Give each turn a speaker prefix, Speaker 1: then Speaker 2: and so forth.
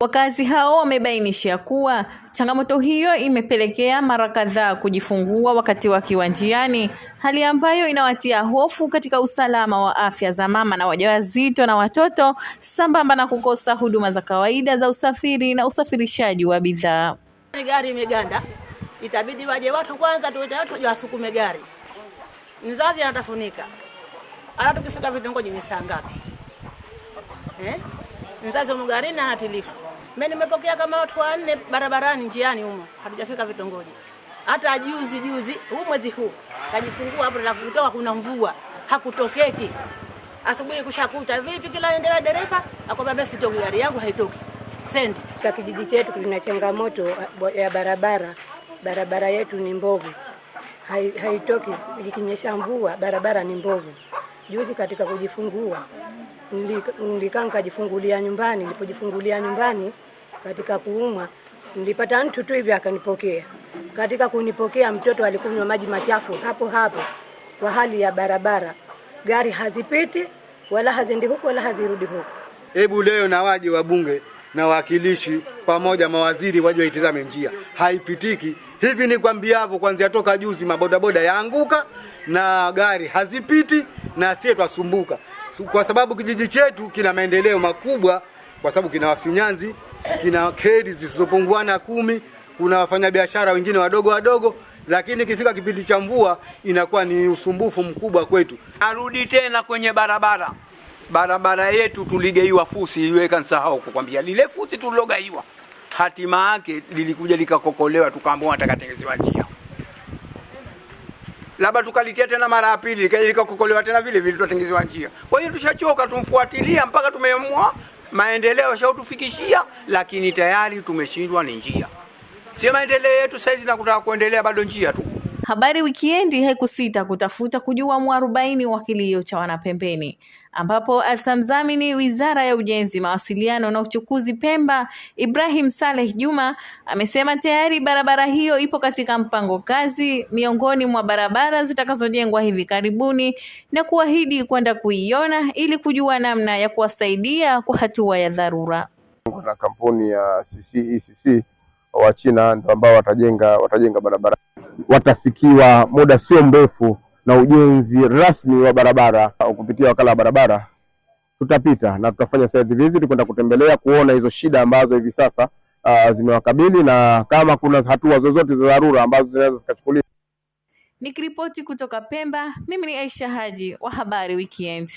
Speaker 1: Wakazi hao wamebainisha kuwa changamoto hiyo imepelekea mara kadhaa kujifungua wakati wakiwa njiani, hali ambayo inawatia hofu katika usalama wa afya za mama na wajawazito na watoto, sambamba na kukosa huduma za kawaida za usafiri na usafirishaji wa bidhaa.
Speaker 2: Gari imeganda, itabidi waje watu kwanza, tuite watu waje wasukume gari. Mzazi anatafunika, hata tukifika vitongoji ni saa ngapi eh? Mzazi wa mgarini anatilifu mimi nimepokea kama watu wanne barabarani njiani humo, hatujafika vitongoji. Hata juzi juzi huu mwezi huu kajifungua hapo na kutoka, kuna mvua hakutokeki. Asubuhi kushakuta vipi, kila endelea dereva akwambia basi sitoki, gari yangu haitoki sendi.
Speaker 3: Kwa kijiji chetu kuna changamoto ya barabara, barabara yetu ni mbovu, haitoki. Ikinyesha mvua barabara ni mbovu. Juzi katika kujifungua nilikaa nikajifungulia nyumbani. Nilipojifungulia nyumbani, katika kuumwa nilipata mtu tu hivi akanipokea. Katika kunipokea, mtoto alikunywa maji machafu hapo hapo, kwa hali ya barabara, gari hazipiti wala haziendi huku wala hazirudi huku.
Speaker 4: Hebu leo na waje wabunge na wawakilishi pamoja mawaziri waje waitizame njia, haipitiki hivi. Ni kwambiavo kwanzia toka juzi, mabodaboda yaanguka na gari hazipiti na sie twasumbuka kwa sababu kijiji chetu kina maendeleo makubwa, kwa sababu kina wafinyanzi, kina kedi zisizopunguana kumi, kuna wafanyabiashara wengine wadogo wadogo, lakini ikifika kipindi cha mvua inakuwa ni usumbufu mkubwa kwetu.
Speaker 5: Arudi tena kwenye barabara barabara yetu tuligaiwa fusi, iweka nsahau kukwambia, lile fusi tulilogaiwa hatima yake lilikuja likakokolewa, tukaambiwa atakatengezewa njia labda tukalitia tena mara ya pili likakokolewa tena vile vile, tutatengezewa njia. Kwa hiyo tushachoka, tumfuatilia mpaka tumeamua maendeleo shautufikishia, lakini tayari tumeshindwa, ni njia, sio maendeleo yetu saizi na kutaka kuendelea, bado njia tu.
Speaker 1: Habari Wikiendi haikusita kutafuta kujua mwarobaini wa kilio cha wanapembeni, ambapo afisa mzamini Wizara ya Ujenzi, Mawasiliano na Uchukuzi Pemba, Ibrahim Saleh Juma, amesema tayari barabara hiyo ipo katika mpango kazi miongoni mwa barabara zitakazojengwa hivi karibuni na kuahidi kwenda kuiona ili kujua namna ya kuwasaidia kwa hatua ya dharura.
Speaker 6: Kuna kampuni ya CCECC e wa China ndio ambao watajenga watajenga barabara watafikiwa muda sio mrefu na ujenzi rasmi wa barabara kupitia wakala wa barabara. Tutapita na tutafanya site visit kwenda kutembelea kuona hizo shida ambazo hivi sasa uh, zimewakabili na kama kuna hatua zozote za dharura ambazo zinaweza zikachukuliwa.
Speaker 1: Nikiripoti kutoka Pemba, mimi ni Aisha Haji wa Habari Weekend.